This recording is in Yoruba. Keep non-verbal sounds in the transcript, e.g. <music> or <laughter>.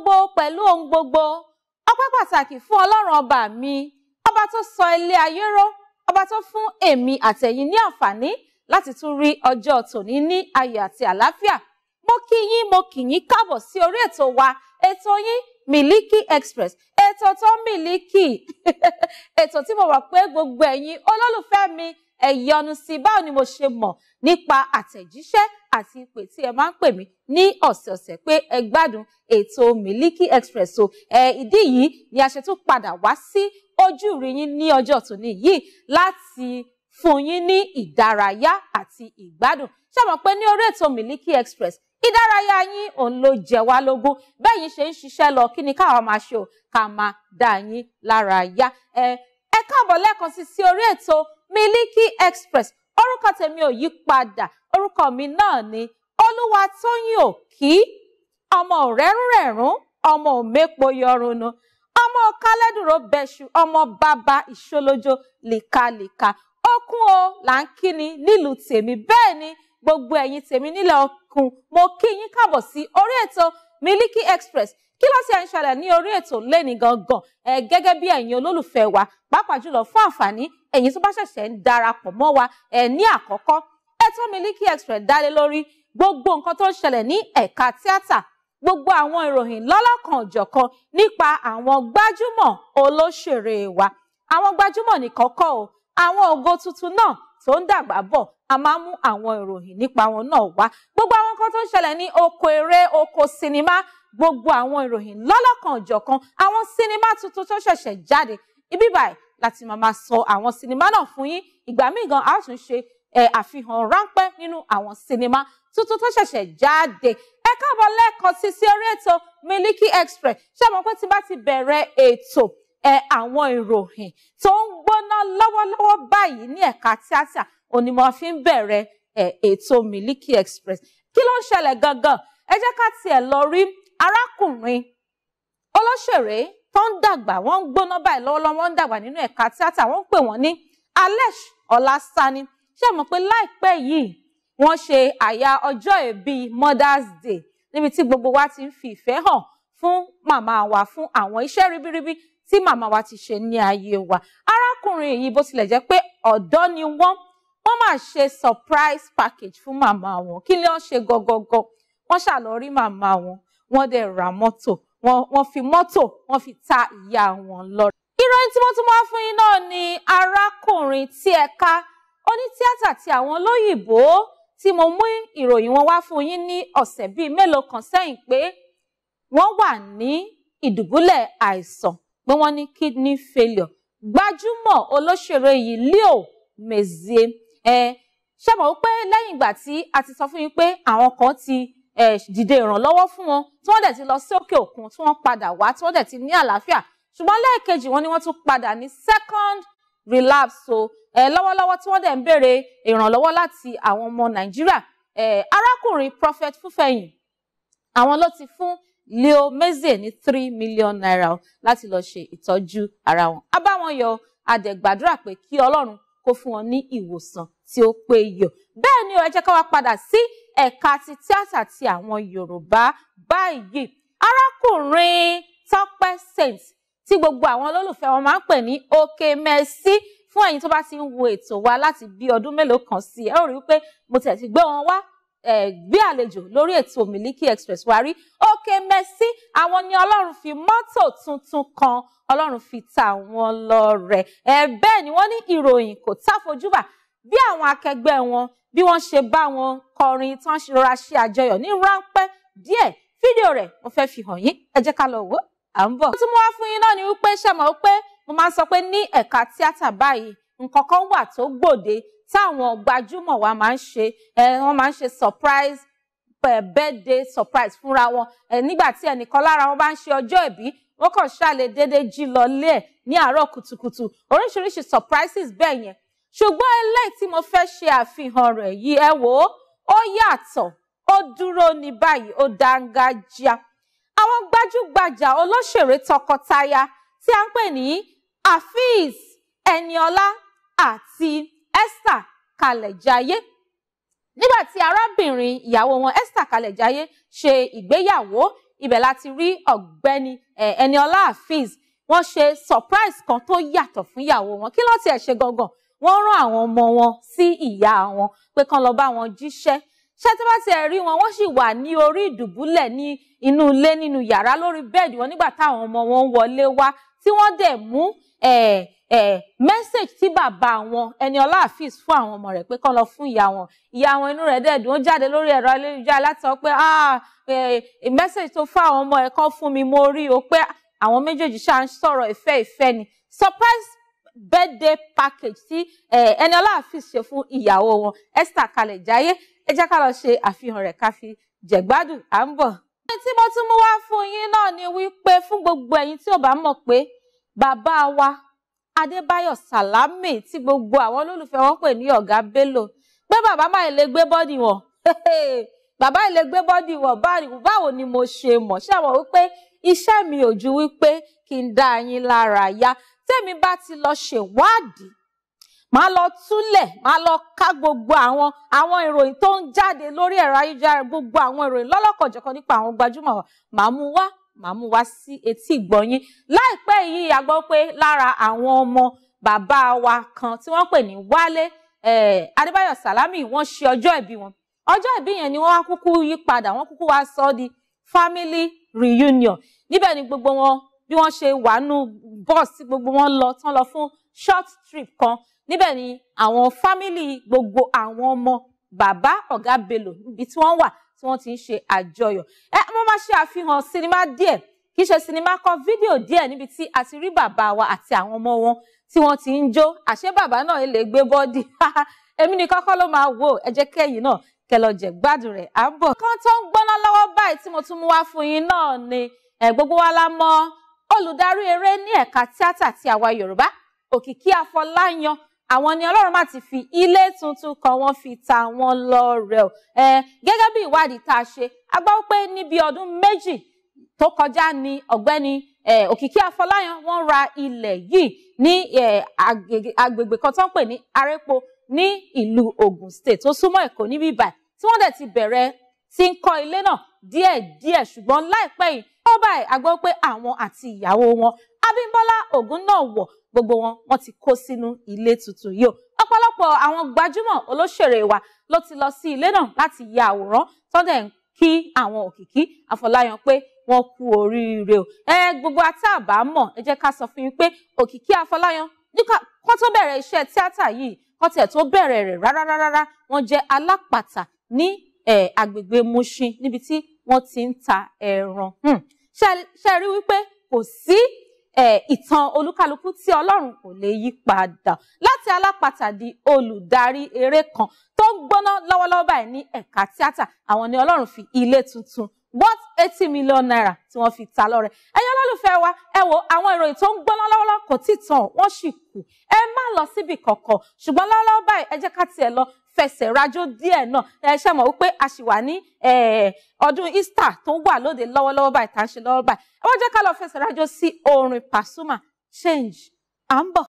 gbogbo pẹ̀lú ohun gbogbo ọpẹ́ pàtàkì fún ọlọ́run ọba mi ọba tó sọ ilé ayé ró ọba tó fún èmi àtẹ̀yin ní àǹfààní láti tún rí ọjọ́ tòní ní ayọ̀ àti àlàáfíà mo kí yín mo kì yín káàbọ̀ sí orí ètò wa ètò yín Miliki Express ètò tó Miliki <laughs> ètò tí mo rò pé gbogbo ẹ̀yin olólùfẹ́ mi ẹ yọnu sí i báwo ni mo ṣe mọ̀ nípa àtẹ̀jíṣẹ́ àti ìpè tí ẹ máa ń pè mí ní ọ̀sẹ̀ọ̀sẹ̀ pé ẹ gbádùn ètò Miliki Express o ẹ ìdí yìí ni a ṣe tún padà wá sí ojú rí yín ní ọjọ́ tòní yìí láti fún yín ní ìdárayá àti ìgbádùn ṣé pé ní orí ètò Miliki Express ìdárayá yín òun ló jẹ wá lógún bẹ́ẹ̀ yín ṣe ń ṣiṣẹ́ lọ kí ni káwa máa ṣe o ká máa dá yín lára yá ẹ ẹ káàbọ̀ lẹ́ẹ̀kan sí sí orí ètò Miliki Express orúkọ tèmi ò yí padà orúkọ mi náà ni Olúwatóyìn Òkí ọmọ rẹ́rùnrẹ́rùn ọmọ òmẹ́po yọrùnú ọmọ kálẹ́dùró bẹ̀ṣù ọmọ bàbá ìṣolójó líkalíka okun o là ń kí ni nílùú tèmi bẹ́ẹ̀ ni gbogbo ẹ̀yin tèmi nílẹ̀ okun mo kí yín káàbọ̀ sí orí ètò Miliki Express kí ló ti ẹ̀ ń ṣẹlẹ̀ ní orí ètò lẹ́ni gangan ẹ gẹ́gẹ́ bí ẹ̀yin olólùfẹ́ wa pàápàá jùlọ fún àǹfààní ẹ̀yin tó bá ṣẹ̀ṣẹ̀ ń darapọ̀ mọ́ wa ẹ ní àkọ́kọ́ ètò Miliki Express dálé lórí gbogbo nǹkan tó ń ṣẹlẹ̀ ní ẹ̀ka tíátà gbogbo àwọn ìròyìn lọ́lọ́kan òjọ̀kan nípa àwọn gbajúmọ̀ olóṣèré wa àwọn gbajúmọ̀ nìkan kọ́ o àwọn ògo tuntun náà tó ń dàgbà bọ̀ a máa ń mú àwọn ìròyìn nípa wọn náà wá gbogbo àwọn nǹkan tó ń ṣẹlẹ̀ ní oko eré oko sinimá gbogbo àwọn ìròyìn lọ́lọ́kan òjọ̀kan àwọn sinimá tuntun tó ṣẹ̀ṣẹ̀ jáde ibi báyìí láti máa máa sọ àwọn sinimá náà fún yín ìgbà míì gan a ó tún ṣe àfihàn ráńpẹ́ nínú àwọn sinimá tuntun tó ṣẹ̀ṣẹ̀ jáde ẹ káàbọ̀ lẹ́ẹ̀kan sí sí orí ètò Miliki Express ṣé mo pé tí bá ti bẹ̀rẹ̀ ètò ẹ àwọn ìròyìn tó ń gbóná lọ́wọ́lọ́wọ́ báyìí ní ẹ̀ka tíátà òní mo fi ń bẹ̀rẹ̀ ètò Miliki Express kí ló ń ṣẹlẹ̀ gangan ẹ jẹ́ ká tiẹ̀ lọ rí arákùnrin olóṣèré tó ń dàgbà wọ́n ń gbóná báyìí lọ́wọ́lọ́wọ́ wọ́n ń dàgbà nínú ẹ̀ka tíátà wọ́n ń pè wọ́n ní Alesh Ọlásàní ṣé mọ̀ pé láìpẹ́ yìí wọ́n ṣe àyà ọjọ́ ìbí Mother's Day níbi tí gbogbo wa ti ń fi ìfẹ́ hàn fún màmá wa fún àwọn iṣẹ́ ribiribi tí màmá wa ti ṣe ní ayé wa arákùnrin yìí bó tilẹ̀ jẹ́ pé ọ̀dọ́ ni wọ́n wọ́n máa ṣe surprise package fún màmá wọn kí ni wọ́n ṣe gọ́gọ́gọ́ wọ́n ṣàlọ́ rí màmá wọn wọ́n dẹ̀ ra mọ́tò wọ́n fi mọ́tò wọ́n fi ta ìyá wọn lọ. ìròyìn tí mo tún wá fún yín náà ni arákùnrin tí ẹ̀ka onítìátà ti àwọn olóyìnbó tí mo mú ìròyìn wọn wá fún yín ní ọ̀sẹ̀ bíi mélòó kan sẹ́yìn pé wọ́n wà ní ìdùbúlẹ̀ àìsàn pé wọ́n ní kidney failure gbajúmọ̀ olóṣèré yìí Leo Mezie ẹ ṣe mọ̀ lẹ́yìn ìgbà tí a ti sọ fún yín pé àwọn kan ti dìde ìrànlọ́wọ́ fún wọn tí wọ́n dẹ̀ ti lọ sí òkè òkun tí wọ́n padà wá tí wọ́n dẹ̀ ti ní àlàáfíà ṣùgbọ́n lẹ́ẹ̀kejì wọn ni wọ́n tún padà ní second relapse so lọ́wọ́lọ́wọ́ tí wọ́n dẹ̀ ń béèrè ìrànlọ́wọ́ láti àwọn ọmọ Nàìjíríà arákùnrin Prophet Fúfẹ̀yìn àwọn ló ti fún Leo Meze ní three million naira láti lọ ṣe ìtọ́jú ara wọn a bá wọn yọ adẹ̀gbàdúrà pé kí Ọlọ́run kó fún wọn ní ìwòsàn tí ó péye bẹ́ẹ̀ ni ẹ jẹ́ ká wá padà sí ẹ̀ka ti tíátà ti àwọn Yorùbá báyìí arákùnrin Tọ́pẹ́ Saint tí gbogbo àwọn olólùfẹ́ wọn máa ń pè ní òkè mẹ́sì fún ẹ̀yin tó bá ti ń wo ètò wa láti bí ọdún mélòó kan sí ẹ ó rí i mo tẹ̀ ti gbé wọn wá gbé àlejò lórí ètò Miliki Express wa rí òkè mẹ́sì àwọn ni Ọlọ́run fi mọ́tò tuntun kan Ọlọ́run fi ta wọn lọ́rẹ ẹ bẹ́ẹ̀ ni wọ́n ní ìròyìn kò táfojúbà bí àwọn akẹgbẹ́ wọn bí wọ́n ṣe bá wọn kọrin tán rọra ṣe àjọyọ̀ ní ráńpẹ́ díẹ̀ fídíò rẹ̀ mo fẹ́ fi hàn yín ẹ jẹ́ ká lọ wò à ń bọ̀. tí mo wá fún yín náà ni wípé ṣe mọ̀ pé mo máa ń sọ pé ní ẹ̀ka tíátà báyìí nǹkan kan wà tó gbòde táwọn gbajúmọ̀ wa máa ń ṣe wọ́n máa ń ṣe surprise birthday surprise fúnra wọn nígbà tí ẹnìkan lára wọn bá ń ṣe ọjọ́ ìbí wọ́n kàn ṣàlè déédéé jí lọ lé ẹ̀ ní àárọ̀ kùtùkùtù oríṣiríṣi surprises bẹ́ẹ̀ yẹn ṣùgbọ́n eléyìí tí mo fẹ́ ṣe àfihàn rẹ̀ yìí ẹ wò ó ó yàtọ̀ ó dúró ní báyìí ó dángájíá àwọn gbajúgbajà olóṣèré tọkọtaya tí a ń pè ní Afeez Eniola àti Esther Kalẹ̀jayé nígbà tí arábìnrin ìyàwó wọn Esther Kalẹ̀jayé ṣe ìgbéyàwó ibẹ̀ láti rí ọ̀gbẹ́ni eh, Eniola Afeez wọ́n ṣe surprise kan tó yàtọ̀ fún ìyàwó wọn kí ló tiẹ̀ ṣe gangan wọ́n rán àwọn ọmọ wọn sí ìyá wọn pé kán lọ bá wọn jíṣẹ́ ṣé tí wọ́n ti rí wọn wọ́n sì wà ní orí ìdùbúlẹ̀ ní inú ilé nínú yàrá lórí bẹ́ẹ̀dì wọn nígbà táwọn ọmọ wọn ń wọlé wá tí wọ́n dẹ̀ mú mẹ́sẹ̀gì tí bàbá wọn ẹni ọlá àfíìs fún àwọn ọmọ rẹ̀ pé kán lọ fún ìyá wọn ìyá wọn inú rẹ̀ dẹ̀dùn ó jáde lórí ẹ̀rọ ayélujára láti sọ pé ah, mẹ́sẹ̀gì tó fún àwọn ọmọ rẹ̀ kán fún mi mo rí o pé àwọn méjèèjì ṣáà ń sọ̀rọ̀ ìfẹ́ ìfẹ́ ni surprise birthday package tí Eniola eh, Afeez ṣe fún ìyàwó wọn Esther Kalẹ̀ Jaiye ẹ jẹ́ ká lọ ṣe àfihàn rẹ̀ ká fi jẹ̀gbádùn à ń bọ̀. ohun tí mo tún mú wá fún yín náà ni wípé fún gbogbo ẹ̀yin tí ò bá mọ̀ pé bàbá wa Adébáyọ̀ Sàlámì tí gbogbo àwọn olólùfẹ́ wọn pè ní Ọ̀gá Bello pé bàbá máa lè gbé bọ́dì wọn <laughs> bàbá ilé gbé bọ́dì wọ̀ báwo ni mo ṣe mọ̀ ṣé àwọn wípé iṣẹ́ mi ò ju wípé kí n dá yín lára yá tèmi bá ti lọ ṣèwádìí màá lọ túlẹ̀ màá lọ ká gbogbo àwọn àwọn ìròyìn tó ń jáde lórí ẹ̀rọ ayélujára gbogbo àwọn ìròyìn lọ́lọ́kọ̀jọ̀kan nípa àwọn gbajúmọ̀ màá mú wá màá mú wá sí etí ìgbọ̀nyín láìpẹ́ yìí a pé lára àwọn ọmọ bàbá wa kan tí wọ́n pè ní Wálé eh, Adébáyọ̀ Sàlámì wọ́n ṣe ọjọ́ ìbí wọn ọjọ́ ìbí yẹn ni wọ́n wá kúkú yí padà wọ́n kúkú wá sọ ọ́ di family reunion níbẹ̀ ni gbogbo wọn bí wọ́n ṣe wà nù bọ́ọ̀sì gbogbo wọn lọ tán lọ fún short trip kan níbẹ̀ ni àwọn fámìlì gbogbo àwọn ọmọ bàbá ọ̀gá bello níbi tí wọ́n wà tí wọ́n ti ń ṣe àjọyọ̀ ẹ mo máa ṣe àfihàn sinimá díẹ̀ kì í ṣe sinimá kan fídíò díẹ̀ níbi tí a ti rí bàbá wa àti àwọn ọmọ wọn tí wọ́n ti ń jó àṣé bàbá náà lè gbé bọ́dì èmi ni kọ́kọ́ ló máa wò ẹ jẹ́ kẹ́yìn náà kẹlọjẹ gbádùn rẹ̀ à ń bọ̀. kan tó ń gbóná lọ́wọ́ báyìí tí mo tún mú wá fún yín náà ni gbogbo wa la olùdarí eré ní ẹ̀ka tíátà ti àwa yorùbá òkìkí afọláyan àwọn ni ọlọ́run má ti fi ilé tuntun kan wọ́n fi ta wọ́n lọ́rẹ o gẹ́gẹ́ bí ìwádìí tá a ṣe a gbọ́ pé níbi ọdún méjì tó kọjá ni ọ̀gbẹ́ni òkìkí afọláyan wọ́n ra ilẹ̀ yìí ní agbègbè kan tó ń pè ní arépo ní ìlú Ògùn state tó súnmọ́ Èkó níbí báyìí tí wọ́n dẹ̀ ti bẹ̀rẹ̀ sí ń kọ́ ilé náà díẹ̀díẹ̀ ṣùgbọ́n láìpẹ́ yìí wọ́n báyìí a gbọ́ pé àwọn àti ìyàwó wọn Abímbọ́lá Ògúnnáwọ̀ gbogbo wọn wọ́n ti kó sínú ilé tuntun yìí o ọ̀pọ̀lọpọ̀ àwọn gbajúmọ̀ olóṣèré wa ló ti lọ sí ilé náà láti ya àwòrán tọ́dẹ̀ ń kí àwọn òkìkí Àfọláyàn pé wọ́n kú oríire o ẹ gbogbo àti àbá mọ̀ ẹ jẹ́ ká sọ fún yín pé òkìkí Àfọláyàn nípa kó tó bẹ̀rẹ̀ iṣẹ́ tíátà yìí kó tiẹ̀ tó bẹ̀rẹ̀ rẹ̀ rárá rárá wọ́n jẹ́ alápàtà ní agbègbè Mushin níbi tí wọ́n ti ń ta ẹran hmm. ṣe rí wípé kò sí ìtàn olúkálukú tí ọlọ́run kò lè yí padà láti alápatà di olùdarí eré kan tó ń gbóná lọ́wọ́lọ́wọ́ báyìí ní ẹ̀ka tíátà àwọn ni ọlọ́run fi ilé tuntun worth eighty million naira tí wọ́n fi ta lọ́rẹ ẹ̀yin olólùfẹ́ wa ẹ wo àwọn ìròyìn tó ń gbóná lọ́wọ́lọ́ kò tí tán wọ́n sì kù ẹ má lọ síbi kọ̀ọ̀kan ṣùgbọ́n lọ́wọ́lọ́wọ́ báyìí ẹ jẹ́ ká tiẹ̀ lọ fẹsẹ̀ rajó díẹ̀ náà ẹ ṣe mọ̀ wípé a sì wà ní ọdún Easter tó wà lóde lọ́wọ́lọ́wọ́ báyìí tá à ń ṣe lọ́wọ́ báyìí ẹ wọ́n jẹ́ ká lọ fẹsẹ̀ rajó sí orin Pasuma change à ń bọ̀.